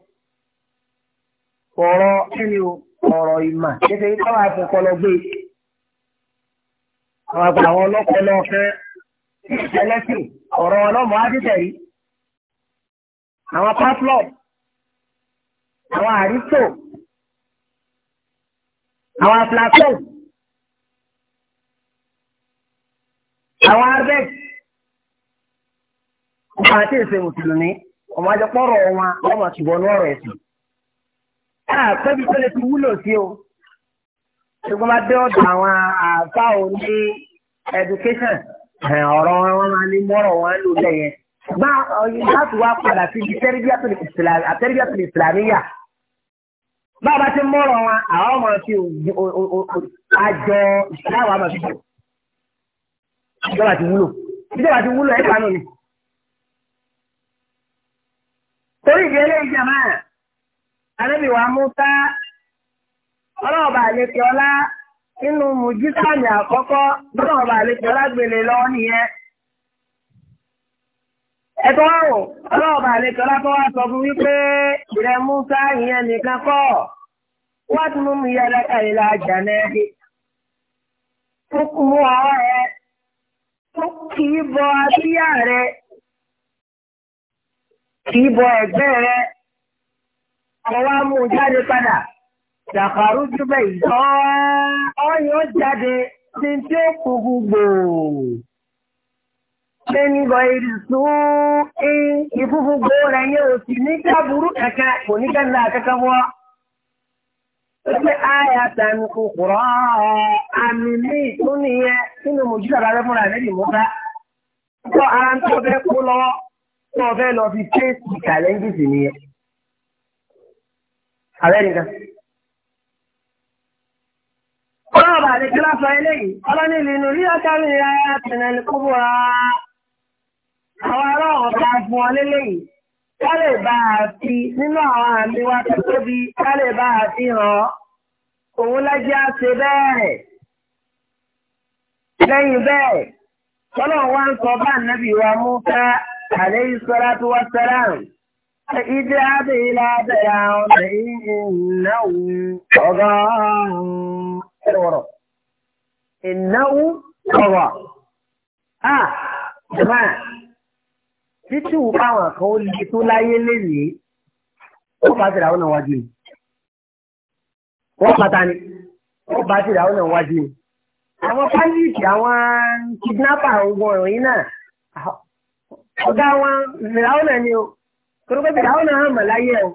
ọ̀rọ̀ kíni o ọ̀rọ̀ ìmà kéde kí wọ́n á fi ọpọlọ gbé àwọn àgbà àwọn ọlọ́pọlọ fẹ́ ẹlẹ́sìn ọ̀rọ̀ ọlọ́mọ adìtẹ̀rí àwọn paflop àwọn àrísò àwọn aflatow àwọn arbex ọmọ àti èsè mùsùlùmí ọmọ àjọpọ̀rọ̀ wọn lọ́mọ ṣùgbọ́n ní ọ̀rọ̀ ẹ̀sìn. àpẹbí tó lè ti wúlò sí o ṣùgbọ́n bá dé ọ̀dọ̀ àwọn àbá òní education ọ̀rọ̀ wọn máa ní mọ́rọ̀ wọn lò lẹ́yìn gbá láti wá padà sí ibi tẹ́rìbíàtò ìsìlámíyà bá a bá ti mọ́rọ̀ wọn àwọn ọmọ ti àjọ ìsìláwà máa fi jù ìjọba ti wúlò ìjọba ti wúlò ẹ̀ka náà ni. torí ìdí eléyìí jàmá arábìwá Musa ọlọ́ọ̀bà àlejò ọlá nínú mùjísàmì àkọ́kọ́ ọlọ́ọ̀bà àlejò ọlá gbélé lọ́wọ́ nìyẹn. ẹ̀tọ́ wò ọlọ́ọ̀bà àlejò ọlá tó wá sọ fún wípé ìrẹ Musa ìyẹn nìkan kọ́ mú bọ abíyá rẹ̀. kì í bọ ẹ̀gbẹ́ rẹ ọwọ́ mú jáde padà dàkàrú jùbẹ̀ ìjọ ọyàn jáde ní tí ó kú gbogbo. Ṣé nígbà ìrìsú ìfúfú gbó rẹ̀ yẹ òsì ní kò ní kẹ́ńdà kẹ́kẹ́ wọ́. Ṣé àyà tàbí kòkòrò àmì ní ìtúnìyẹn nínú fúnra tí wọ́n lọ fi fèsì challenges nìyẹn. Àbẹ́ nìkan. Ọlọ́run bá lè kílá sọ eléyìí, ọlọ́ni ìlú rí ọjọ́ mi ra ra. Àwọn ará ọ̀gá fún ọ léléyìí. Ká lè bá a fi nínú àwọn àmì wa tó tóbi, ká lè bá a fi hàn ọ́. Òun á ṣe bẹ́ẹ̀. Lẹ́yìn bẹ́ẹ̀, Ọlọ́run wá ń sọ bá ànábì wa mú fẹ́. عليه الصلاة والسلام اذهب إلى فرعون إنه طغى إنه طغى آه جماعة títí wù káwọn kan ó le tó láyé lénìí wọ́n bá tìrà ọ̀nà wájú ni wọ́n pátá ni wọ́n bá tìrà ọ̀nà wájú ni àwọn pálíìkì àwọn kidnapper ọgbọ̀n ìròyìn náà ọ̀gá wọn mìláwọ́nà ni o torí pé mìláwọ́nà hàn mà láyé o.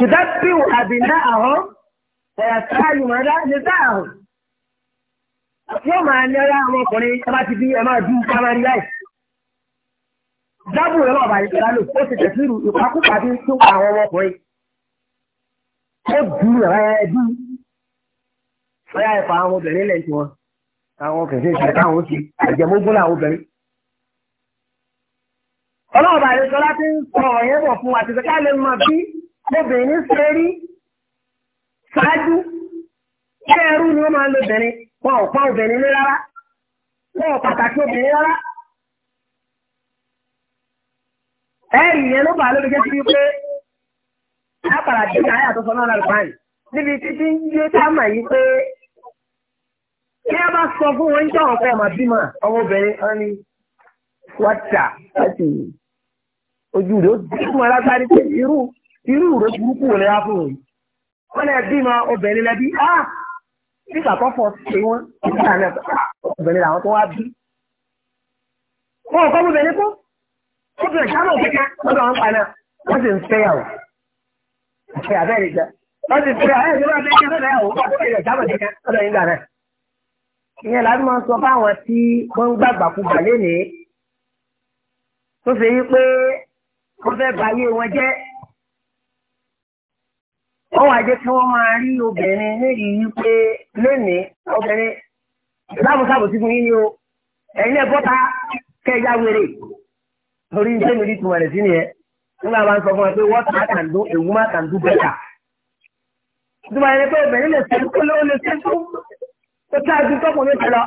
yudabiu àbíná àhọ́ ẹ̀yà sáàlù mọ́lá ní sáàhùn. yóò máa nẹ́ra àwọn ọkùnrin ẹ bá ti bí ẹ máa dún ká máa rí láì. dábù rẹ̀ wà bàyìí kẹlá lò ó ti tẹ̀síìrù ìpakúpa bí tó pa àwọn ọmọkùnrin. ó dùn rẹ̀ dùn. ọ̀yà ẹ̀fọ́ àwọn obìnrin lẹ́yìn tí wọ́n àwọn kẹ̀kẹ́ ìṣẹ̀lẹ̀ káwọn ó sì àjẹmógún làwọn obìnrin. ọlọ́ọ̀bà àdéṣọ láti ń sọ ọ̀yẹ́ bọ̀ fún àti sẹ́ká lè mọ bí obìnrin ṣe rí ṣáájú ṣé ẹrú ni wọ́n máa ń lo obìnrin wọn ò pa obìnrin ní rárá wọn ò pàtàkì obìnrin rárá. ẹ̀rì yẹn ló bàá lóbi jẹ́ sí pé lápàlà dín àyà tó sọ náà lálùpàá yìí níbi títí ń yé ká mà yí pé Bí a bá sọ fún wọn jẹ́ ọ̀fẹ́ àmà bímọ ọmọbìnrin wọn ni wọ́tà láti ojú rẹ̀ ó dúró alágbárí pé irú irú rẹ̀ burúkú rẹ̀ á fún òun. Wọ́n lè bímọ obìnrin lẹ́bí á bí kàkọ́ fọ ṣe wọ́n nígbà náà obìnrin làwọn tó wá bí. Wọ́n kọ́ obìnrin kú. Obìnrin sábà òkèké lọ́dọ̀ wọn pa náà wọ́n sì ń fẹ́yàwó. Ìfẹ́ àbẹ́rẹ́ ìjà. Wọ́n sì ń fẹ́yàwó. Ẹ̀ ìyẹn láti máa ń sọ fáwọn tí wọ́n ń gbàgbà kúgbà lénìí tó ṣe yí pé wọ́n fẹ́ ba wọn jẹ́ wọ́n wá jẹ́ kí wọ́n máa rí obìnrin níyì yí pé lénìí obìnrin láàbùsàbù sí fún yín ni o ẹ̀yin náà bọ́ta kẹjá wèrè torí ní sẹ́mi rí tùmọ̀ sí nìyẹn nígbà máa ń sọ fún ẹ pé what I can do a woman can do better. Ìtumọ̀ ẹni pé obìnrin lè ṣe kó ló lè ṣe tó tó tá a ju tọkùnrin ti lọ.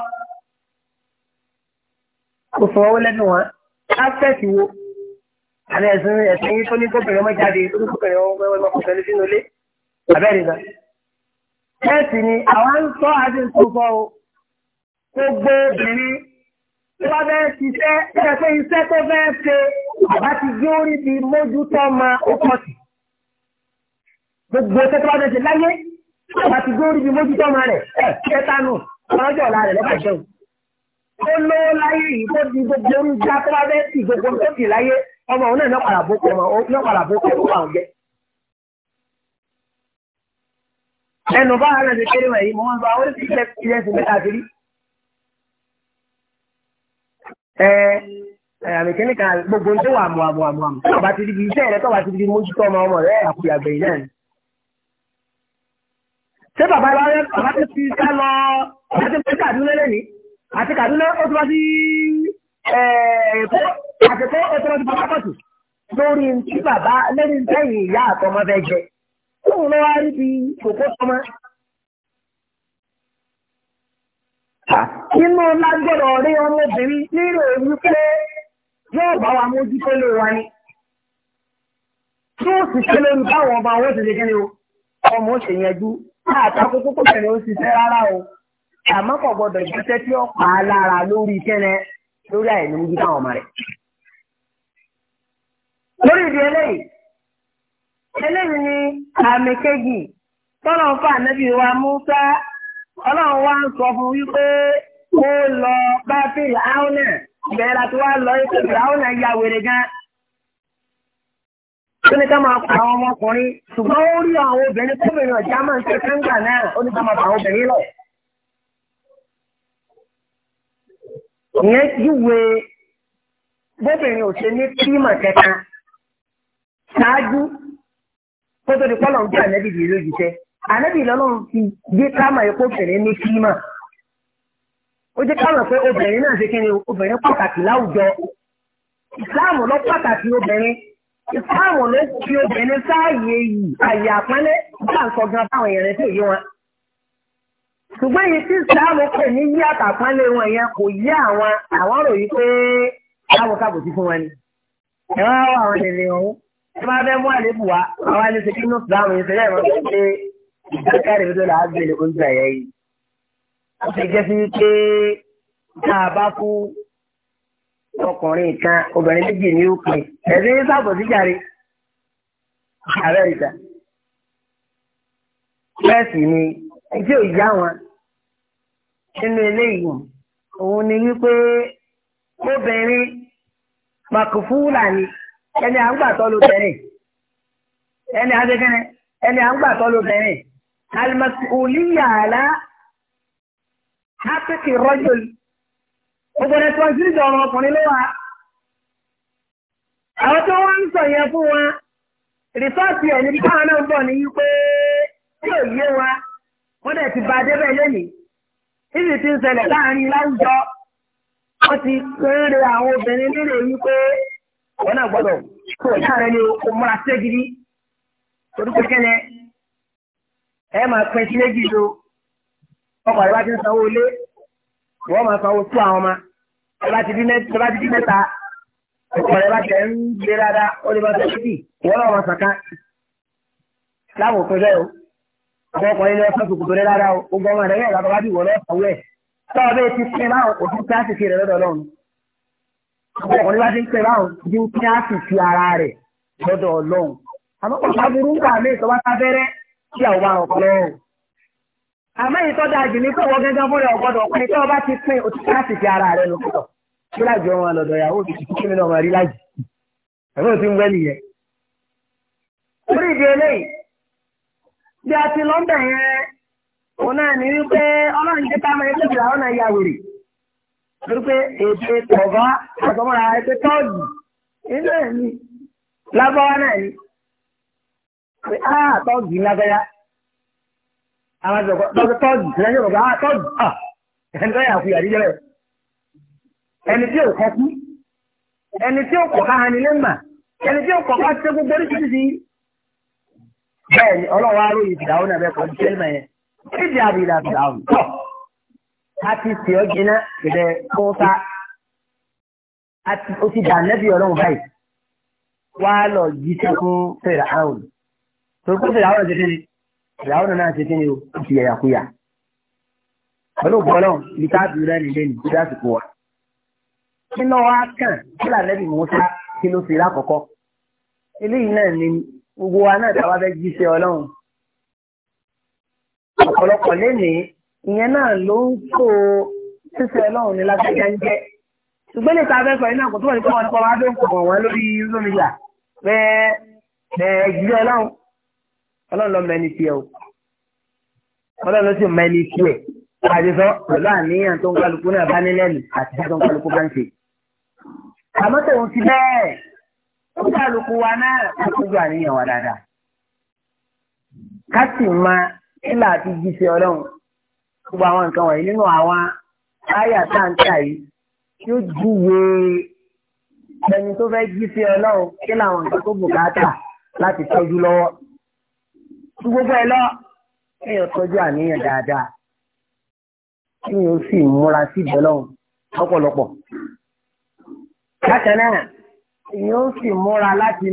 kò fọwọ́ wọlé nù wọn access wo àbẹ ẹ̀sìn ẹ̀sìn yìí tó ní kóbìnrin ọmọ jáde tó ní kóbìnrin ọmọ ọmọ ọkùnrin sínú ilé abẹ́rẹ́ náà. bẹ́ẹ̀sì ni àwọn ń sọ àti ìtòkọ o gbogbo obìnrin tó bá fẹ́ ṣiṣẹ́ ṣe pé iṣẹ́ tó fẹ́ ṣe àbá ti gbé orí ti mójútó ọmọ ó pọ̀ sí. gbogbo iṣẹ́ tó bá fẹ́ ṣe láyé àti górí bí mójútó ọmọ rẹ̀ ẹ̀ kẹta nù ọlọ́jọ́ ọ̀la rẹ̀ lọ́kàn ṣẹ́wù. ó lówó láyé yìí tó di gbogbo ń já tó bá bẹ́ẹ̀ tì gbogbo tó kì láyé ọmọ òun náà nọ́pàlà bókọ ọmọ nọ́pàlà bókọ ọmọ àwọn jẹ. ẹnu bá ara rẹ̀ kéré wọ̀nyí mo máa ń bá wọ́n ti ṣe ìyẹ́sìn mẹ́ta kiri. ẹ ẹ àmì kìnnìkan gbogbo ń tó wà mọ̀ àmọ̀ àmọ̀ àmọ̀ tó bá ti di iṣẹ́ rẹ̀ tó bá ti di mójútó ọmọ ọmọ rẹ̀ àkúyàgbẹ̀ yìí ṣé bàbá rẹ̀ bàbá tó ti sá lọ bàbá tó ti Kàdúná lẹ́ni àti Kàdúná ó ti wá sí ẹ̀ẹ́dẹ́gbẹ́ àtẹ̀kọ́ ó ti wá sí pátákọ̀tù lórí tí bàbá lẹ́ni tẹ̀yìn ìyá àtọmọ fẹ́ jẹ fóun ló wá rí bí kòkó tọmọ. Inú lágbọ́dọ̀ rí ọmọbìnrin nírò wípé yóò bá wa mójútó lè wa ni. Tí ó sì ṣe lórí báwọn ọba wọn ti lè kí ni o, ọmọ ó ṣèyànjú àtàkùn kókó bẹ̀rẹ̀ ó ṣiṣẹ́ rárá o àmọ́ kò gbọdọ̀ jíṣẹ́ tí ó pa á lára lórí kẹ́nẹ́ lórí àìní ojú táwọn ọmọ rẹ̀. lórí ìdí eléyìí eléyìí ni àmì kejì tọ́lọ̀ ń fa ànábì wa Musa ọlọ́run wá ń sọ fún wípé ó lọ bá fìlà áwọn náà ìbẹ̀rẹ̀ àti wá lọ ìpè fìlà áwọn náà ya wèrè gan-an ó ní ká máa pa àwọn ọmọkùnrin ṣùgbọ́n ó rí àwọn obìnrin kóbìnrin ọ̀já máa ń ṣe kẹ́ńgà náà ó ní ká máa pa obìnrin lọ. ìyẹn júwe bóbìnrin ò ṣe ní kírímà kẹta ṣáájú kó tó di pọ́lọ̀ ń jẹ́ ànẹ́bì yìí lójú tẹ́ ànẹ́bì lọ́lọ́run ti gbé káàmà epo obìnrin ní kírímà ó jẹ́ káàmà pé obìnrin náà ṣe kí ni obìnrin pàtàkì láwùjọ ìsìláàmù lọ pàtàkì obìnrin ìsáàmù ló fi obìnrin sáàyè yìí àyè àpẹẹlẹ bá ń sọ gan báwọn èèyàn rẹ sì yé wọn. ṣùgbọ́n èyí tí ìsáàmù pè ní yí àtàpẹ́lẹ wọn yẹn kò yí àwọn àwọn rò yìí pé káàbòkáàbò ti fún wọn ni. ẹ wá wá àwọn èdè ọ̀hún ẹ máa fẹ́ mú àlébù wá àwọn àlejò kí nọ́ọ̀sì dáhùn yìí fẹ́rẹ̀ mọ́ pé ìdáká rẹ̀ tó làá gbélé oúnjẹ yẹn yìí. ó ti jẹ́ sí pé tá a bá fún ọkùnrin kan obìnrin méjì ní òpin ẹ̀sìn ní sábò síjàre ààrẹ ìta bẹ́ẹ̀sì ni ẹjẹ́ òyà wọn nínú eléyìí òun ni wípé obìnrin makufúlà ni ẹni à ń gbà tọ́ lóbìnrin ẹni àgbẹ̀kẹ́ni ẹni à ń gbà tọ́ lóbìnrin alimasi olíyàrá hápẹ́kì rọ́jòlì. Gbogbo rẹ̀ tí wọ́n sí ọkùnrin ló wà. Àwọn tó wọ́n ń sọ yẹn fún wọn, rìsọ́ọ̀tì ẹ̀ ní báwọn náà ń bọ̀ ní wípé tí ò yé wa, wọ́n dẹ̀ ti ba débẹ̀ lónìí. Ibi ti ń ṣẹlẹ̀ láàrin láwùjọ, wọ́n ti kéré àwọn obìnrin nílé wípé wọ́n náà gbọ́dọ̀ kó ìyá ní o múra ségiri. Orúkọ kẹ́lẹ́ ẹ máa pẹ́ sí méjì lo ọkọ̀ àríwá ti ń sanwó ilé, wọ́n máa sanwó tú àwọn máa ọba ti dín mẹ́ta ọkọ rẹ bá tẹ̀ ń gbé dáadáa ó lè bá tẹ̀ sí ìwọ́n náà wọn sàkán láwọn òpin bẹ́ẹ̀ o àwọn ọkùnrin ní ọ̀sán tòkòtò rẹ dáadáa o gbogbo ọmọ rẹ yẹn ìlànà bá bí ìwọ́n náà sàwọ́ ẹ̀ tọ́wọ́ bẹ́ẹ̀ ti pín báwọn òfin kíláàsì rẹ lọ́dọ̀ ọlọ́run àwọn ọkùnrin bá ti ń pín báwọn ju kíláàsì ti ara rẹ lọ́dọ̀ ọlọ́run àmọ́ kò sábúrú ń kà mí ìtọ́ bá sáfẹ́rẹ́ kí àwọn bá rọ̀kọ́ lọ́wọ́ àmọ́ ìtọ́jà jù ní pé wọ́n gẹ́gẹ́ fúnra ọ̀gbọ́dọ̀ ọkùnrin tọ́wọ́ bá ti pín òtún kíláàsì ti ara rẹ lọ́dọ̀ kí lájọ wọn lọ́dọ̀ ìyàwó mi kí mi náà máa rí lájì ẹ̀rọ ti ń wẹ́ nìyẹn. orí ìdí eléyìí bí a ti lọ́ńdà yẹn òun náà ní wípé ọlọ́run jẹ́ ká máa ń tẹ̀sí àwọn náà ya wèrè wípé èdè tọ̀gá àtọmọ́ra ètò tọ́ọ̀gì nínú ẹ̀ ní lábọ́wá náà ní pé á ah, tọ́ọ̀gì lágbáyà àwọn àjọ̀kọ́ tọ́ọ̀gì lẹ́yìn ọ̀gá tọ́ọ̀gì ẹ̀ńtọ́ yà fún yàrá ìjọba ẹni tí ò kọ́ kú ẹni tí ò kọ́ ká hàn ní lẹ́mbà ẹni tí ò kọ́ ká ṣe gbogbo oríṣiríṣi. bẹ́ẹ̀ ni ọlọ́wọ́ aró yìí fìdáwó náà bẹ́ẹ̀ kọ́ ní sẹ́lẹ̀ yẹn kéde àbìlà fìdáwó tọ̀ a ti sì ọ́ jiná ìrẹ̀ kóńtà ó ti dà nẹ́bí ọlọ́run báyìí wá lọ jíṣẹ́ fún fèrè àwọn torí pé fèrè àwọn ṣe fèrè àwọn náà ṣe o ó ti yàyàkúyà pẹ̀lú bọ́lọ̀ ní káàbì rẹ̀ nílé ní kí wa kí ló wá kàn kí lànàbì Mùsá kí ló fi lákọ̀ọ́kọ́ eléyìí náà ni gbogbo wa náà táwa fẹ́ jíṣẹ́ ọlọ́run ọ̀pọ̀lọpọ̀ lénìí ìyẹn náà ló ń tó ṣíṣe ọlọ́run ní lágbájá ń jẹ́ ṣùgbọ́n ní ta fẹ́fẹ́ iná kò tó wọ́n ní kọ́ wọn nípa wọn tó ń kọ̀ wọ́n lórí lómìnira bẹ́ẹ̀ bẹ́ẹ̀ jíṣẹ́ ọlọ́run ọlọ́run lọ mẹ́ni tiẹ̀ o ọlọ́run ló sì mẹ́ni tiẹ̀ àdìsọ́ pẹ̀lú àníyàn tó ń kálukú náà bá nílẹ̀ nù àti tó ń kálukú bá ń ṣe àmọ́ tòun ti bẹ́ẹ̀ ó kálukú wa náà ká tójú àníyàn wa dáadáa ká sì máa nílà àti jíṣẹ́ ọlọ́run gbogbo àwọn nǹkan wọ̀nyí nínú àwọn àyà táǹtà yìí tí ó júwe ẹni tó fẹ́ jíṣẹ́ ọlọ́run kí làwọn nǹkan tó bùkátà láti tọ́jú lọ́wọ́ tí gbogbo ẹ lọ èèyàn tọ́jú àníyàn dáadáa tí yóò sì múra sí ìbẹ́lọ́run lọ́pọ̀lọpọ̀. bákan náà èyí ó láti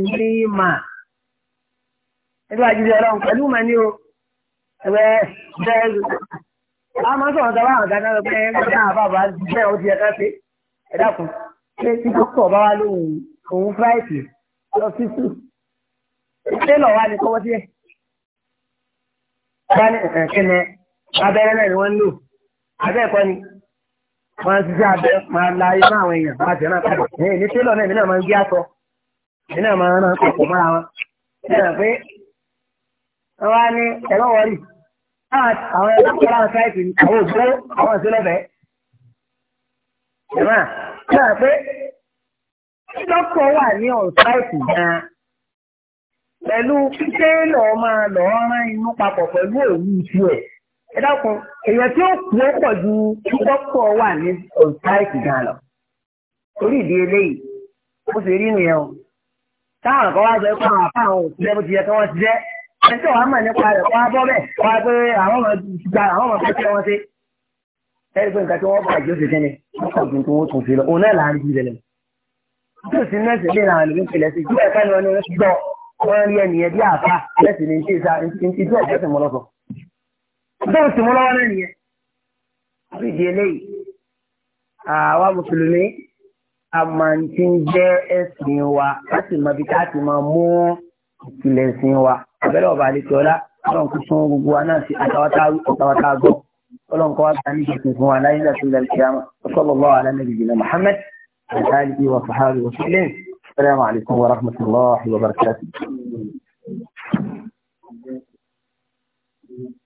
ọlọ́run pẹ̀lú ní o ẹgbẹ́ bẹ́ẹ̀ àmọ́ sọ̀rọ̀ sọ báwọn kan náà pé ẹgbẹ́ náà bàbá bẹ́ẹ̀ ó ti ẹ̀ka ṣe ẹ dákun tí bá wá lóhùn òun fúráìtì lọ sí sùn ṣé ní kọ́wọ́ sí ẹ̀ bá ni abẹ́rẹ́ náà ni wọ́n ń lò ẹ̀kọ́ máa ṣiṣẹ́ abẹ máa la iná àwọn èèyàn máa tẹ̀ náà pẹ̀lú ẹ̀yìn ní tẹ́lọ̀ náà èmi náà máa ń gbé aṣọ èmi náà máa ń rán ọkọ̀ mọ́ra wọn. ṣé ẹ pé wọ́n wá ní ẹ̀rọ wọ̀rì àwọn ẹ̀rọ kọ́lá àwọn sáìtì àwọn òbúrò àwọn ìṣẹ́lẹ̀bẹ̀. ṣèmá ṣé ẹ pé dókítà wà ní ọ̀n sáìtì gan-an pẹ̀lú tẹ́lọ̀ máa lọ́ọ́ rán inú papọ̀ pẹ̀lú òwú tiẹ̀ ẹ èèyàn tí ó kú ó pọ̀ ju tí dókítà wà ní ọ̀sáìtì gan lọ torí ìdí eléyìí ó sì rí nìyẹn o táwọn kan wá sọ pé àwọn àpá àwọn òṣìṣẹ́ bó ti yẹ kí wọ́n ti jẹ́ ẹni tí wàá mọ̀ nípa rẹ̀ kó bọ́ bẹ́ẹ̀ kó wá àwọn ọmọ ti àwọn ọmọ pẹ́ẹ́tẹ́ wọn sí ẹni pé nǹkan tí wọ́n bàjẹ́ ó sì wọ́n kàn ju tí wọ́n tún fi lọ bóun sì mú lọ́wọ́ náà nìyẹn. àbí ìdí eléyìí àwa mùsùlùmí àmàǹtí ń jẹ́ ẹ̀sìn wa láti mọ ibi tá a ti máa mú ìpìlẹ̀ ẹ̀sìn wa abẹ́rẹ́ ọba àlejò ọlá ọlọ́run kò sún gbogbo wa náà sí àtàwátá gbọ́ ọlọ́run kọ́ wá sí àníjọsìn fún wa láyé láti ilẹ̀ ìṣẹ́yàmọ́ sallallahu ala nabiyyina Muhammad àti alihi wa sahbihi wa sallam السلام عليكم ورحمة الله وبركاته